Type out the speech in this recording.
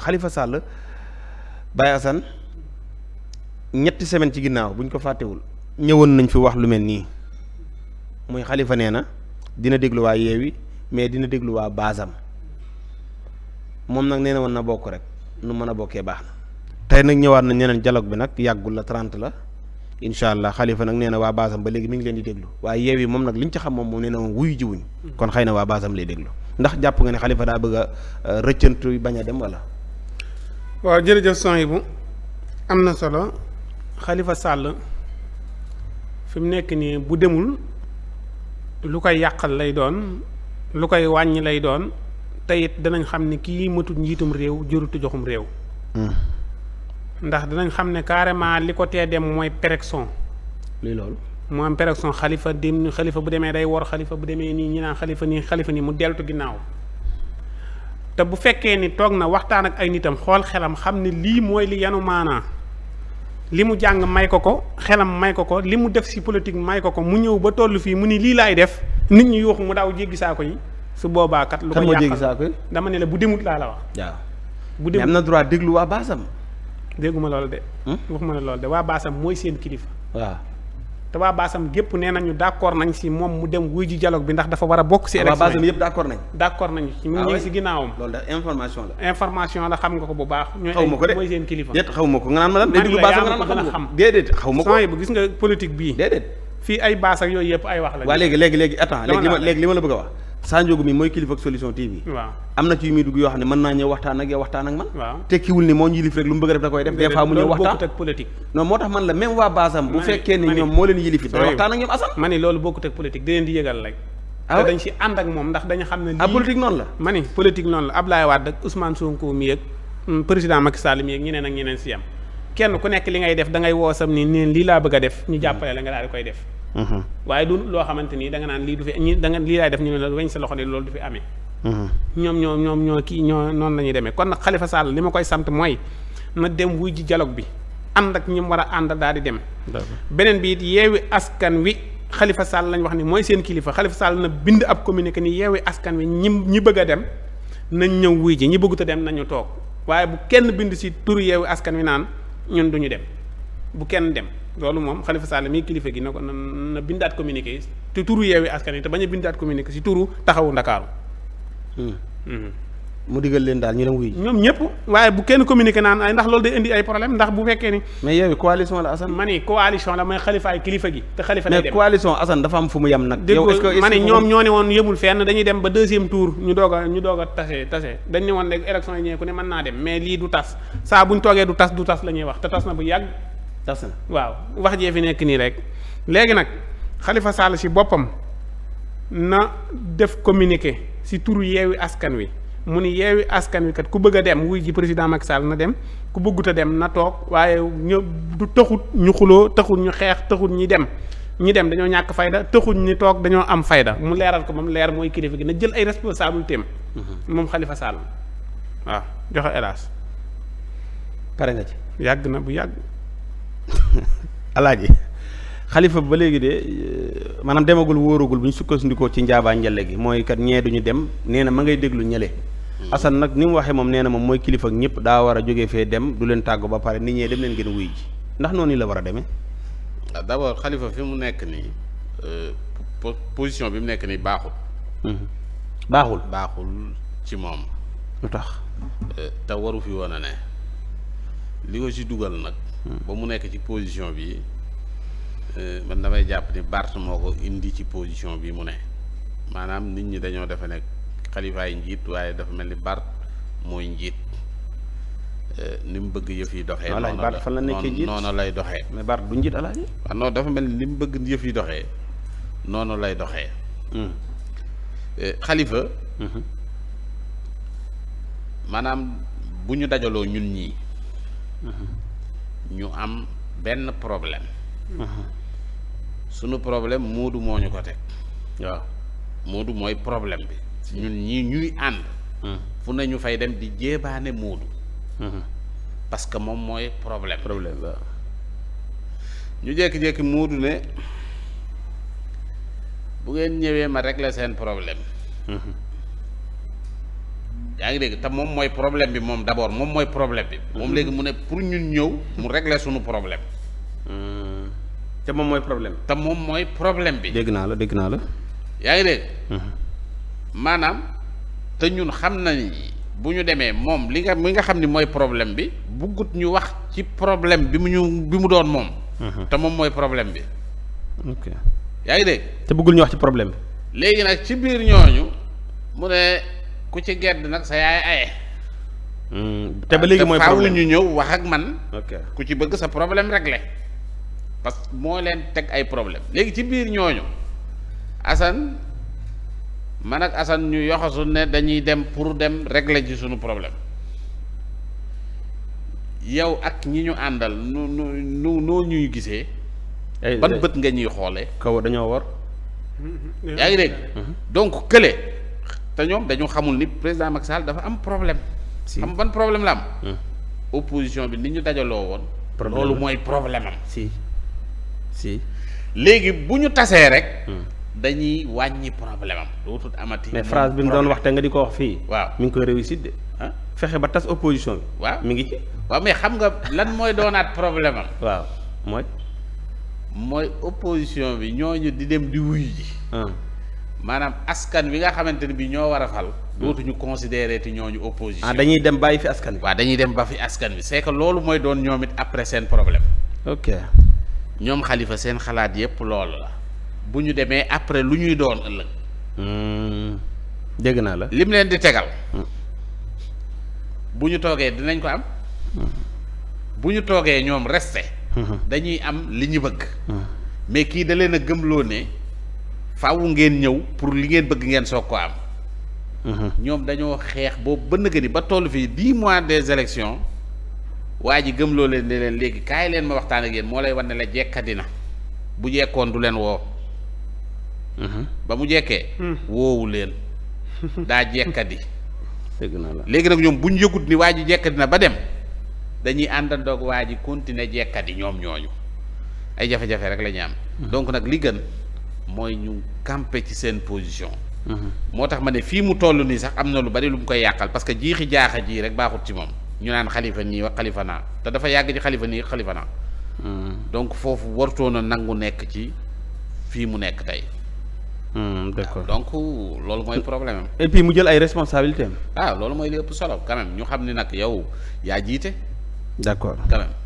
xalifa sàll Baye ñetti semaine ci ginnaaw buñ ko fàttewul ñëwoon nañ fi wax lu mel nii muy xalifa nee na dina déglu waa Yewwi mais dina déglu waa Basam moom nag nee woon na bokk rek nu mën a bokkee baax na. tey nag ñëwaat na ñeneen dialogue bi nag yàggul la 30 la incha allah Khalifa nag nee na waa Basam ba léegi mi ngi leen di déglu waaye Yewwi moom nag liñ ci xam moom moom nee na woon wuyu jiwuñ mm. kon xëy waa Basam lay déglu ndax jàpp nga ne Khalifa daa bëgg a euh, rëccantu bañ a dem wala. waaw jërëjëf son yi bu am na solo xalifa Sall fi mu nekk nii bu demul lu koy yàqal lay doon lu koy wàññi lay doon teyit danañ xam ni kii matut njiitum réew jurutu joxum réew hmm. ndax danañ xam ne carrément li ko tee dem mooy péréction lii loolu mu am péréction xalifa dem xalifa bu demee day wor xalifa bu demee nii ñi naan xalifa nii xalifa nii mu deltu ginnaaw te bu fekkee ni toog na waxtaan ak ay nitam xool xelam xam ne lii mooy li yanu maanaa li mu jàng may ko ko xelam may ko ko li mu def si politique may ko ko mu ñëw ba toll fii mu ni lii laay def nit ñi yuuxu mu daaw jéggi saako yi su boobaa kat. lu ko yàqal dama ne la bu demut laa la wax. waaw bu demut am na droit déglu waa baasam. dégguma loolu de. Hmm? waxuma ne loolu de waa baasam mooy seen kilifa. waa te waa baasam gépp nee nañu d'accord nañ si moom mu dem wuy ji dialogue bi ndax dafa war a bokk si élection baasam yëpp d'accord nañ d'accord nañu ci ñun ñu ah ngi si ginnaawam loolu da information la information la xam nga ko bu baax ñooy mooy seen kilifa déet xaw ma ko nga naan ma lan day dugg baasam nga naan ma xam déedéet xaw ma ko yi bu gis nga politique bii déedéet fii ay baas ak yooyu yëpp ay wax la waa léegi léegi léegi attends léegi li ma léegi li ma la bëgg a wax Sa Ndiogou mi mooy kilifa ak solution TV. waaw am na ci yu muy dugg yoo xam ne mën naa ñëw waxtaan ak yow waxtaan ak man. waaw tekkiwul ni moo yilif rek lu mu bëgg a def da koy def. des fois mu ñëw waxtaan bokkut ak politique. non moo tax man la même waa Basam. bu fekkee ne ñoom moo leen yilif da waxtaan ak ñoom Assane. ma ne loolu bokkut ak politique di leen di yëgal rek. Ah te dañ si ànd ak moom ndax dañu xam ne. ah politique noonu la. ma ne politique noonu la Ablaye Wade ak Ousmane Sonko mi ak mm, président si kenn ku nekk li ngay def da ngay woosam ni neen laa bëgg a def jàppale la nga daal di koy def Mm-hmm. waaye du loo xamante ni da naan lii du fi ñi da nga lii laay def ñu ne la weñ sa loxo ne loolu du fi amee mm-hmm. ñoom ñoo ñoom ñoo kii ñoo noonu la ñuy demee kon nag Khalifa Sall li ma koy sant mooy na dem wuy ji dialogue bi ànd ak ñim war a ànd daal di dem beneen bi it askan wi Khalifa Sall lañ wax ni mooy seen kilifa Khalifa Sall na bind ab communiqué ni yeewi askan wi ñi ñi bëgg a dem nañ ñëw wuy ji ñi bëggut a dem nañu toog waaye bu kenn bind si tur yeewi askan wi naan ñun duñu dem bu kenn dem loolu moom Khalifa Sall mii kilifa gi na ko na bindaat communiqué te turu yeewi askan wi te bañ a bindaat communiqué si turu taxawu ndakaaru hmm. Hmm. mu digal leen daal ñu dem wuy ñoom ñëpp waaye bu kenn communiqué naan ay ndax loolu day indi kilifa gi te xalifa lay dem mais coalition mu yem nag dégg ma ñoom ñoo ne woon yemul fenn dañuy dem ba deuxième tour ñu doog a ñu doog a tase tase dañ ne woon rek élection yi ñëwee ku ne mën naa dem mais lii du tas saa ñu toogee du tas du tas la ñuy wax te tas na bu yàgg tas waaw wax jee fi nekk nii rek léegi nag xalifa Sall si boppam na def communiqué si turu yeewi askan wi mu ni yeewi askan wi kat ku bëgg a dem wuy ji président Macky Sall na dem ku bëggut a dem na toog waaye ñu du taxut ñu xuloo taxut ñu xeex taxut ñi dem ñi dem dañoo ñàkk fayda taxut ñi toog dañoo am fayda mu leeral ko moom leer mooy kilifa gi na jël ay responsabilité am mhm. moom Khalifa Sall waaw joxe hélas pare nga ci yàgg na bu yàgg alaaji xalifa ba léegi de euh, maanaam demagul wóoragul bu ñu sukkandikoo ci njaabaa njële gi mooy kat ñee duñu dem nee ma ngay déglu ñale hmm. asan nag ni mu waxee moom nee na moom mooy kilifa ak ñëpp daa war a jóge fee dem du leen tàggu ba pare nit ñee dem leen gën wuy ji ndax noonu la war a deme ah, d' abord xalifa fi mu nekk nii euh, position bi mu nekk nii baaxul hmm. baaxul baaxul ci moom lu tax euh, te waru fi woon a ne li ko ci dugal nag Hmm. ba mu nekk ci position bi euh, man damay jàpp ni Barth moo ko indi ci position bi mu ne maanaam nit ñi dañoo defe nekk xalifaay njiit waaye dafa mel ni Barth mooy njiit euh, ni mu bëgg yëf yi doxee. noonu lay doxee. mais Barth du njiit alaaji. waaw dafa mel ni ni mu bëgg yëf yi doxee noonu lay doxee. Hmm. Euh, xalifa. Hmm. maanaam bu ñu dajaloo ñun ñii. ñu am benn problème sunu problème muudu moo ñu ko teg waaw Moodu mooy problème bi ñun ñi ñuy ànd fu nañu fay dem di jéebaane Moodu parce que moom mooy problème problème waaw ñu jékki-jékki Moodu ne bu ngeen ñëwee ma rek la seen problème yaa ngi dégg te moom mooy problème bi moom d'abord moom mooy problème bi. moom mm-hmm. léegi mu ne pour ñun ñëw mu régler sunu problème. Mm. te moom mooy problème. te moom mooy problème bi. dégg naa la dégg naa la. yaa ngi dégg. Mm-hmm. maanaam te ñun xam nañ bu ñu demee moom li nga mi nga xam ni mooy problème bi buggut ñu wax ci problème bi mu ñu bi mu doon moom. Mm-hmm. te moom mooy problème bi. ok yaa ngi dégg. te bëggul ñu wax ci problème bi. léegi nag ci biir ñooñu mu ne. ku ci gedd nag sa yaay aye hmm, te ba léegi mooy problème ñu ñëw wax ak man. ku ci bëgg sa problème réglé. parce que moo leen teg ay problème léegi ci biir ñooñu Assane man ak Assane ñu yoxasu ne dañuy dem pour dem réglé ci suñu problème yow ak ñi ñu àndal nu nu nu noo ñuy gisee. ban bët nga ñuy xoole kaw dañoo war. yaa ngi dégg mm-hmm. donc kële. te ñoom dañu xamul ni président Macky Sall dafa am problème. xam ban problème la am. Hmm. opposition bi ni ñu dajaloo woon. loolu mooy problème am. si si. léegi bu ñu tasee rek. Hmm. dañuy wàññi problème am dootut amati. mais phrase bi mu doon waxtee nga di ko wax fii. waaw mi ngi koy réussir de. Ah? fexe ba tas opposition bi. waaw mi ngi ci. waaw mais xam nga lan mooy doonaat problème am. waaw mooy. mooy opposition bi ñooñu di dem di wuyu ji. Ah. maanaam askan wi nga xamante ne bi ñoo war a fal dootuñu considéré ti ñooñu opposition ah dañuy dem bàyyi fi askan bi waaw dañuy dem ba fi askan wi c'est que loolu mooy doon ñoom it après seen problème ok ñoom xalifa seen xalaat yépp loolu la bu ñu demee après lu ñuy doon ëllëg hmm. dégg naa la lim leen di tegal hmm. bu ñu toogee dinañ ko am hmm. bu ñu toogee ñoom resté dañuy am li ñu bëgg mais kii da leen a gëmloo ne faaw ngeen ñëw pour li ngeen bëgg ngeen soog ko am. Mhm. ñoom dañoo xeex boobu ba nëgëni ba toll fii dix mois des élections waa ji gëm loo leen ne leen léegi kaay leen ma waxtaan ak yéen moo lay wan ne la jekkadi na bu jekkoon du leen woo. Mhm. ba mu jekkee. Hmm. leen daa jekkadi. dëgg na léegi nag ñoom buñ ñu yëgut ni waa ji jekkadi na ba dem dañuy àndandoog waa ji continuer jekkadi ñoom ñooñu ay jafe-jafe rek lañu am. Hmm. donc nag li gën. mooy ñu camper ci seen position. Mhm. moo tax ma ne fii mu toll nii sax am na lu bari lu mu koy yàqal parce que jiixi jaaxa jii rek baaxut ci moom ñu naan xalifa nii wax xalifa naa te dafa yàgg ci xalifa nii xalifa naa. Mhm. donc foofu wartoon a nangu nekk ci fii mu nekk tey. Mhm, d'accord donc loolu mooy problème am. mu jël ay responsabilités am. ah loolu mooy li ëpp solo quand ñu xam ni nag yow yaa jiite. d'accord quand même.